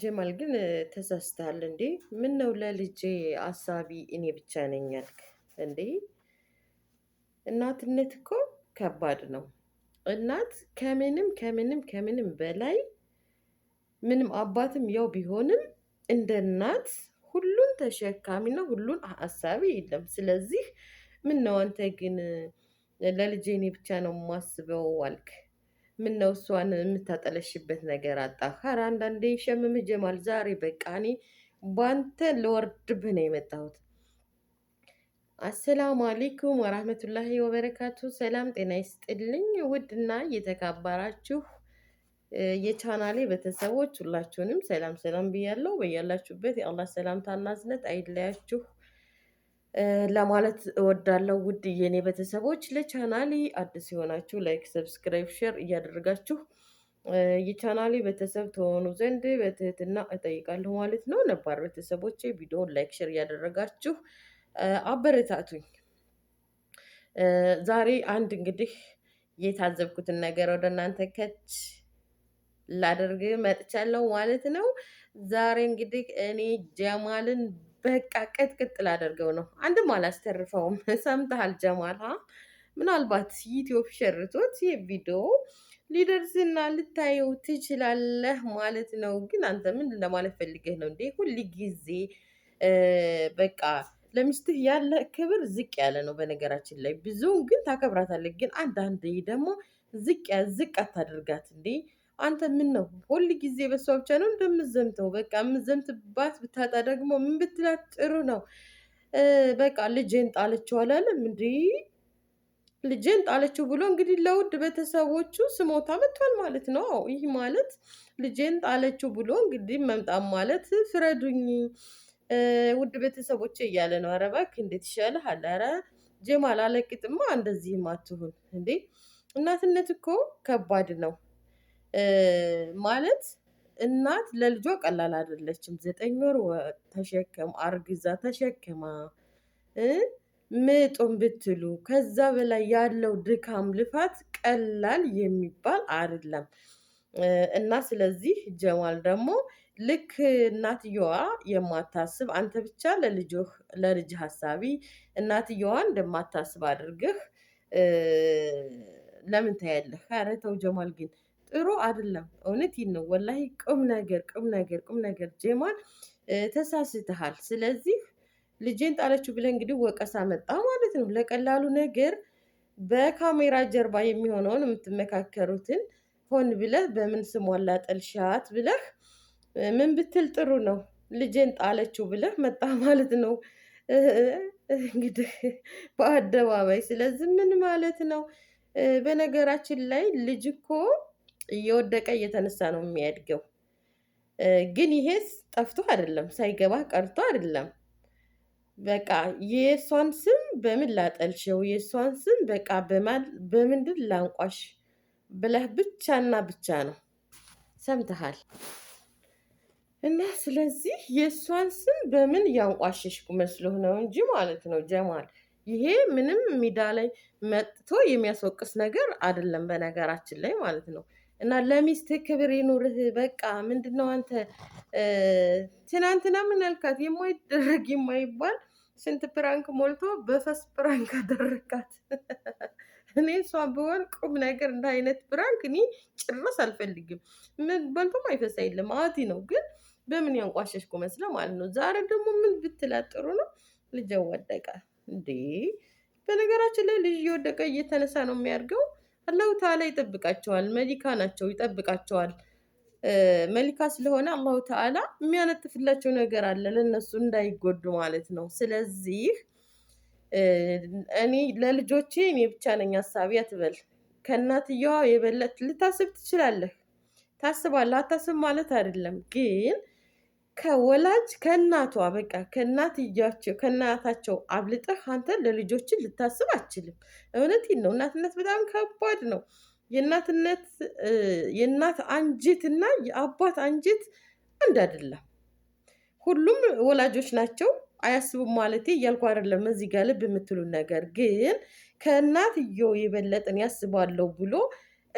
ጀማል ግን ተሳስተሃል እንዴ? ምን ነው ለልጄ አሳቢ እኔ ብቻ ነኝ ያልክ እንዴ? እናትነት እኮ ከባድ ነው። እናት ከምንም ከምንም ከምንም በላይ ምንም አባትም ያው ቢሆንም እንደ እናት ሁሉን ተሸካሚና ሁሉን አሳቢ የለም። ስለዚህ ምን ነው አንተ ግን ለልጄ እኔ ብቻ ነው የማስበው አልክ። ምን ነው እሷን የምታጠለሽበት ነገር አጣ። ኧረ አንዳንዴ ሸምምህ ጀማል፣ ዛሬ በቃ እኔ ባንተ ልወርድብህ ነው የመጣሁት። አሰላሙ አሌይኩም ወራህመቱላሂ ወበረካቱ። ሰላም ጤና ይስጥልኝ። ውድና እየተካባራችሁ የቻናሌ ቤተሰቦች ሁላችሁንም ሰላም ሰላም ብያለሁ። በያላችሁበት የአላህ ሰላምታና እዝነት አይለያችሁ። ለማለት እወዳለሁ። ውድ የኔ ቤተሰቦች ለቻናሊ አዲስ የሆናችሁ ላይክ፣ ሰብስክራይብ፣ ሼር እያደረጋችሁ የቻናሊ ቤተሰብ ተሆኑ ዘንድ በትህትና እጠይቃለሁ ማለት ነው። ነባር ቤተሰቦች ቪዲዮን ላይክ፣ ሼር እያደረጋችሁ አበረታቱኝ። ዛሬ አንድ እንግዲህ የታዘብኩትን ነገር ወደ እናንተ ከች ላደርግ መጥቻለሁ ማለት ነው። ዛሬ እንግዲህ እኔ ጀማልን በቃ ቅጥቅጥ ላደርገው ነው። አንድም አላስተርፈውም። ሰምተሃል ጀማል? ምናልባት ዩቲዩብ ሸርቶት ይህ ቪዲዮ ሊደርስና ልታየው ትችላለህ ማለት ነው። ግን አንተ ምን ለማለት ፈልገህ ነው እንዴ? ሁል ጊዜ በቃ ለሚስትህ ያለ ክብር ዝቅ ያለ ነው። በነገራችን ላይ ብዙውን ግን ታከብራታለህ። ግን አንዳንዴ ደግሞ ዝቅ ዝቅ አታደርጋት እንዴ? አንተ ምን ነው ሁል ጊዜ በሷ ብቻ ነው እንደምዘምተው? በቃ የምዘምትባት ብታጣ ደግሞ ምን ብትላት ጥሩ ነው? በቃ ልጄን ጣለችው አላለም እንዲ ልጄን ጣለችው ብሎ እንግዲህ ለውድ ቤተሰቦቹ ስሞታ መጥቷል ማለት ነው። ይህ ማለት ልጄን ጣለችው ብሎ እንግዲህ መምጣት ማለት ፍረዱኝ ውድ ቤተሰቦች እያለ ነው። ኧረ እባክህ እንዴት ይሻልሃል? ኧረ ጀማል አለቅጥማ እንደዚህም አትሁን እንዴ! እናትነት እኮ ከባድ ነው። ማለት እናት ለልጇ ቀላል አይደለችም። ዘጠኝ ወር ተሸከም አርግዛ ተሸክማ ምጡን ብትሉ ከዛ በላይ ያለው ድካም ልፋት ቀላል የሚባል አይደለም። እና ስለዚህ ጀማል ደግሞ ልክ እናትየዋ የማታስብ አንተ ብቻ ለልጆህ ለልጅ ሀሳቢ እናትየዋ እንደማታስብ አድርገህ ለምን ታያለህ? ኧረ ተው ጀማል ግን ጥሩ አይደለም። እውነት ነው። ወላሂ ቁም ነገር ቁም ነገር ቁም ነገር ጀማል ተሳስተሃል። ስለዚህ ልጄን ጣለችው ብለህ እንግዲህ ወቀሳ መጣ ማለት ነው። ለቀላሉ ነገር በካሜራ ጀርባ የሚሆነውን የምትመካከሩትን ሆን ብለህ በምን ስሟላ ጠልሻት ብለህ ምን ብትል ጥሩ ነው? ልጄን ጣለችው ብለህ መጣ ማለት ነው እንግዲህ በአደባባይ። ስለዚህ ምን ማለት ነው? በነገራችን ላይ ልጅ እኮ እየወደቀ እየተነሳ ነው የሚያድገው። ግን ይሄስ ጠፍቶ አይደለም፣ ሳይገባ ቀርቶ አይደለም። በቃ የእሷን ስም በምን ላጠልሽው፣ የእሷን ስም በቃ በምንድን ላንቋሽ ብለህ ብቻና ብቻ ነው ሰምተሃል። እና ስለዚህ የእሷን ስም በምን ያንቋሸሽኩ መስሎህ ነው እንጂ ማለት ነው ጀማል። ይሄ ምንም ሜዳ ላይ መጥቶ የሚያስወቅስ ነገር አይደለም፣ በነገራችን ላይ ማለት ነው። እና ለሚስት ክብር ይኑርህ። በቃ ምንድነው አንተ ትናንትና ምን አልካት? የማይደረግ የማይባል ስንት ፕራንክ ሞልቶ በፈስ ፕራንክ አደረካት። እኔ እሷ ብሆን ቁም ነገር እንደ አይነት ፕራንክ እኔ ጭረስ አልፈልግም። ምን በልቶም አይፈሳ የለም አዋቲ ነው ግን በምን ያንቋሸሽኩ መስለ ማለት ነው። ዛሬ ደግሞ ምን ብትላት ጥሩ ነው? ልጅ ወደቀ እንዴ? በነገራችን ላይ ልጅ እየወደቀ እየተነሳ ነው የሚያድገው። አላሁ ተዓላ ይጠብቃቸዋል። መሊካ ናቸው፣ ይጠብቃቸዋል። መሊካ ስለሆነ አላሁ ተዓላ የሚያነጥፍላቸው ነገር አለ ለነሱ እንዳይጎዱ ማለት ነው። ስለዚህ እኔ ለልጆቼ እኔ ብቻ ነኝ ሀሳቢ አትበል። ከእናትየዋ የበለጥ ልታስብ ትችላለህ። ታስባለህ፣ አታስብ ማለት አይደለም ግን ከወላጅ ከእናቷ በቃ ከእናትያቸው ከእናታቸው አብልጠህ አንተ ለልጆችን ልታስብ አችልም። እውነቴን ነው። እናትነት በጣም ከባድ ነው። የእናትነት የእናት አንጀት እና የአባት አንጀት አንድ አይደለም። ሁሉም ወላጆች ናቸው አያስቡም ማለት እያልኩ አይደለም። እዚህ ጋር ልብ የምትሉ ነገር ግን ከእናትየው የበለጠን ያስባለሁ ብሎ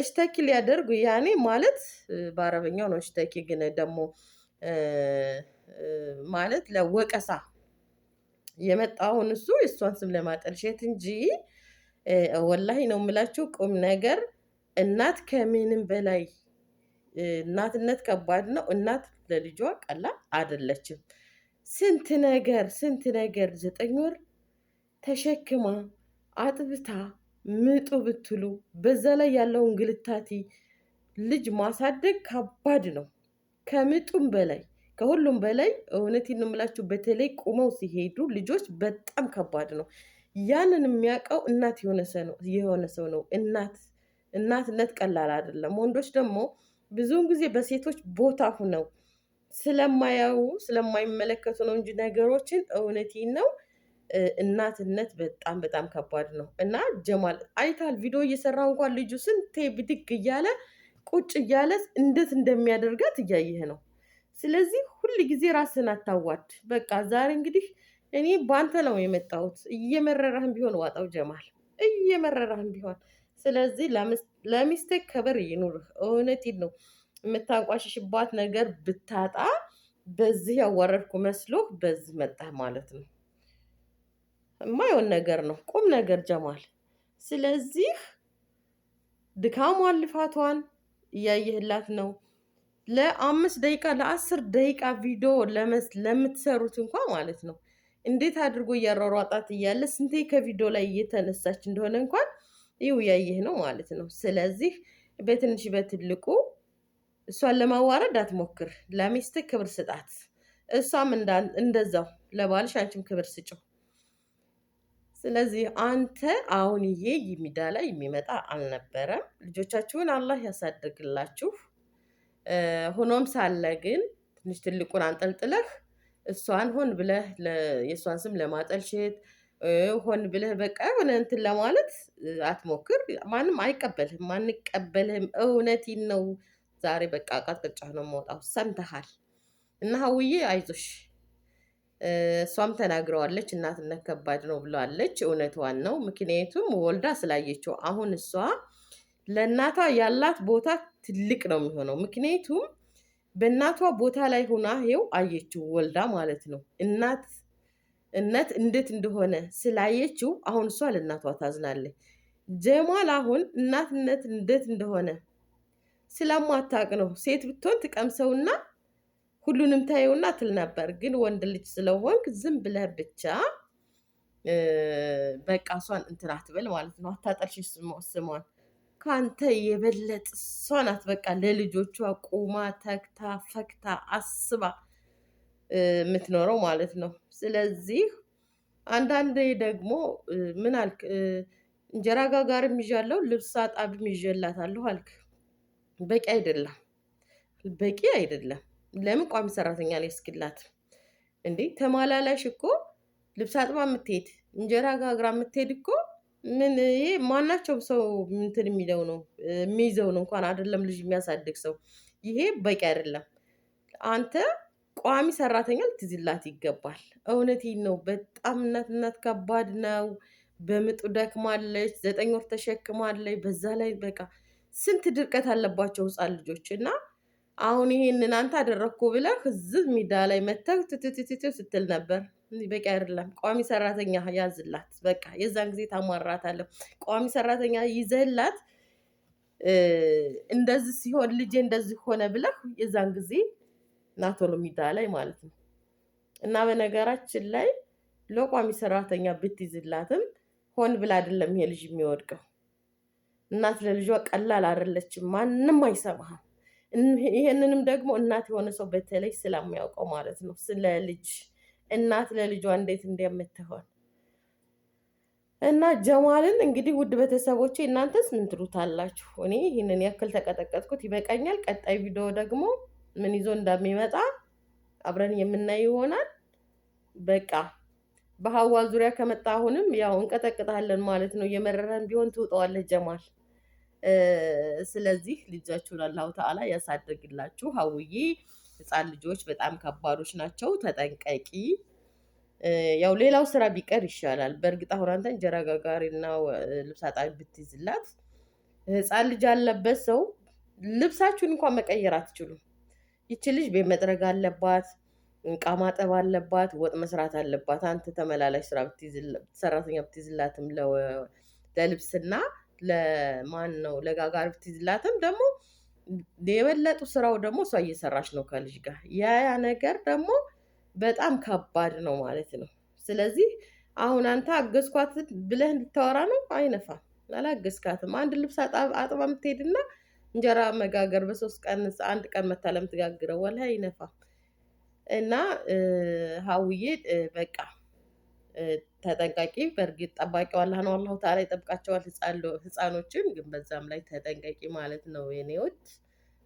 እሽተኪ ሊያደርጉ ያኔ ማለት በአረበኛው ነው እሽተኪ ግን ደግሞ ማለት ለወቀሳ የመጣውን እሱ የእሷን ስም ለማጠልሸት እንጂ ወላሂ ነው የምላችሁ ቁም ነገር። እናት ከምንም በላይ እናትነት ከባድ ነው። እናት ለልጇ ቀላል አይደለችም። ስንት ነገር ስንት ነገር ዘጠኝ ወር ተሸክማ አጥብታ ምጡ ብትሉ በዛ ላይ ያለውን ግልታቲ ልጅ ማሳደግ ከባድ ነው። ከምጡም በላይ ከሁሉም በላይ እውነት ነው በተለይ ቁመው ሲሄዱ ልጆች በጣም ከባድ ነው። ያንን የሚያውቀው እናት የሆነ ሰው ነው። እናት እናትነት ቀላል አይደለም። ወንዶች ደግሞ ብዙውን ጊዜ በሴቶች ቦታ ሁነው ስለማያዩ ስለማይመለከቱ ነው እንጂ ነገሮችን እውነት ነው እናትነት በጣም በጣም ከባድ ነው እና ጀማል አይታል ቪዲዮ እየሰራ እንኳን ልጁ ስንቴ ብድግ እያለ ቁጭ እያለ እንዴት እንደሚያደርጋት እያየህ ነው። ስለዚህ ሁል ጊዜ ራስን አታዋድ። በቃ ዛሬ እንግዲህ እኔ በአንተ ነው የመጣሁት። እየመረረህም ቢሆን ዋጣው ጀማል፣ እየመረረህም ቢሆን ስለዚህ ለሚስቴክ ከበር ይኑርህ። እውነቴን ነው። የምታንቋሽሽባት ነገር ብታጣ በዚህ ያዋረድኩ መስሎህ በዚህ መጣህ ማለት ነው። የማይሆን ነገር ነው፣ ቁም ነገር ጀማል። ስለዚህ ድካሟን ልፋቷን እያየህላት ነው። ለአምስት ደቂቃ ለአስር ደቂቃ ቪዲዮ ለምትሰሩት እንኳ ማለት ነው እንዴት አድርጎ እያሯሯጣት እያለ ስንቴ ከቪዲዮ ላይ እየተነሳች እንደሆነ እንኳን ይው ያየህ ነው ማለት ነው። ስለዚህ በትንሽ በትልቁ እሷን ለማዋረድ አትሞክር። ለሚስትህ ክብር ስጣት፣ እሷም እንደዛው ለባልሽ አንቺም ክብር ስጭው። ስለዚህ አንተ አሁን ይሄ የሚዳ ላይ የሚመጣ አልነበረም። ልጆቻችሁን አላህ ያሳድግላችሁ። ሆኖም ሳለ ግን ትንሽ ትልቁን አንጠልጥለህ እሷን ሆን ብለህ የእሷን ስም ለማጠልሸት ሆን ብለህ በቃ የሆነ እንትን ለማለት አትሞክር። ማንም አይቀበልህም፣ አንቀበልህም። እውነቴን ነው። ዛሬ በቃ ቃት ቅርጫ ነው መውጣው። ሰምተሃል እና ሀውዬ አይዞሽ እሷም ተናግረዋለች። እናትነት ከባድ ነው ብለዋለች። እውነቷን ነው። ምክንያቱም ወልዳ ስላየችው አሁን እሷ ለእናቷ ያላት ቦታ ትልቅ ነው የሚሆነው። ምክንያቱም በእናቷ ቦታ ላይ ሆና ይኸው አየችው ወልዳ ማለት ነው። እነት እንዴት እንደሆነ ስላየችው አሁን እሷ ለእናቷ ታዝናለች። ጀማል አሁን እናትነት እንዴት እንደሆነ ስለማታቅ ነው። ሴት ብትሆን ትቀምሰውና ሁሉንም ታየውና ትል ነበር። ግን ወንድ ልጅ ስለሆንክ ዝም ብለህ ብቻ በቃ እሷን እንትን አትበል ማለት ነው። አታጠርሽ ስሟን ከአንተ የበለጥ እሷ ናት። በቃ ለልጆቿ ቁማ ተግታ ፈግታ አስባ የምትኖረው ማለት ነው። ስለዚህ አንዳንዴ ደግሞ ምን አልክ፣ እንጀራ ጋጋርም ይዣለሁ ልብስ አጣቢም ይዤላታለሁ አልክ። በቂ አይደለም፣ በቂ አይደለም። ለምን ቋሚ ሰራተኛ ላይ እስክላት እንዴ? ተማላላሽ እኮ ልብስ አጥባ የምትሄድ እንጀራ ጋግራ የምትሄድ እኮ ምን ይሄ ማናቸውም ሰው ምንትን የሚለው ነው የሚይዘው ነው እንኳን አይደለም ልጅ የሚያሳድግ ሰው ይሄ በቂ አይደለም። አንተ ቋሚ ሰራተኛ ልትዝላት ይገባል። እውነቴን ነው። በጣም እናትነት ከባድ ነው። በምጡ ደክማለች፣ ዘጠኝ ወር ተሸክማለች። በዛ ላይ በቃ ስንት ድርቀት አለባቸው ህፃን ልጆች እና አሁን ይሄንን አንተ አደረግኩ ብለህ እዚህ ሜዳ ላይ መተህ ትትትትት ስትል ነበር። በቂ አይደለም። ቋሚ ሰራተኛ ያዝላት። በቃ የዛን ጊዜ ታሟራታለሁ። ቋሚ ሰራተኛ ይዘላት እንደዚህ ሲሆን ልጄ እንደዚህ ሆነ ብለህ የዛን ጊዜ ናቶሎ ሜዳ ላይ ማለት ነው። እና በነገራችን ላይ ለቋሚ ሰራተኛ ብትይዝላትም ሆን ብላ አይደለም ይሄ ልጅ የሚወድቀው። እናት ለልጇ ቀላል አይደለችም። ማንም አይሰማህም። ይሄንንም ደግሞ እናት የሆነ ሰው በተለይ ስለሚያውቀው ማለት ነው። ስለ ልጅ እናት ለልጇ እንዴት እንደምትሆን እና ጀማልን እንግዲህ ውድ ቤተሰቦቼ እናንተስ ምን ትሉታላችሁ? እኔ ይህንን ያክል ተቀጠቀጥኩት ይበቃኛል። ቀጣይ ቪዲዮ ደግሞ ምን ይዞ እንደሚመጣ አብረን የምናይ ይሆናል። በቃ በሀዋ ዙሪያ ከመጣ አሁንም ያው እንቀጠቅጣለን ማለት ነው። የመረረን ቢሆን ትውጠዋለህ ጀማል ስለዚህ ልጃችሁን አላሁ ተዓላ ያሳድግላችሁ። ሀውዬ ህፃን ልጆች በጣም ከባዶች ናቸው፣ ተጠንቀቂ። ያው ሌላው ስራ ቢቀር ይሻላል። በእርግጥ አሁን አንተ እንጀራ ጋጋሪና ልብስ አጣቢ ብትይዝላት፣ ህፃን ልጅ አለበት ሰው ልብሳችሁን እንኳን መቀየር አትችሉም። ይቺ ልጅ ቤት መጥረግ አለባት፣ ዕቃ ማጠብ አለባት፣ ወጥ መስራት አለባት። አንተ ተመላላሽ ስራ ሰራተኛ ብትይዝላትም ለልብስና ለማን ነው ለጋጋሪት ላትም ደግሞ የበለጡ ስራው ደግሞ እሷ እየሰራች ነው ከልጅ ጋር ያ ያ ነገር ደግሞ በጣም ከባድ ነው ማለት ነው። ስለዚህ አሁን አንተ አገዝኳት ብለህ እንድታወራ ነው አይነፋም። አላገዝካትም። አንድ ልብስ አጥባ የምትሄድና እንጀራ መጋገር በሶስት ቀን አንድ ቀን መታ ለምትጋግረው ወላ አይነፋም። እና ሀውዬ በቃ ተጠንቃቂ። በእርግጥ ጠባቂው አላህ ነው፣ አላሁ ተዓላ ይጠብቃቸዋል ህፃኖችን። ግን በዛም ላይ ተጠንቃቂ ማለት ነው የኔዎች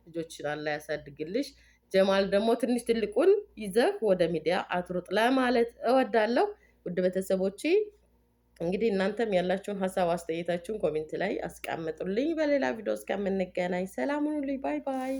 ልጆችን አላህ ያሳድግልሽ። ጀማል ደግሞ ትንሽ ትልቁን ይዘህ ወደ ሚዲያ አትሩጥ ለማለት እወዳለሁ። ውድ ቤተሰቦች እንግዲህ እናንተም ያላችሁን ሀሳብ አስተያየታችሁን ኮሜንት ላይ አስቀምጡልኝ። በሌላ ቪዲዮ እስከምንገናኝ ሰላም ሁኑልኝ። ባይ ባይ።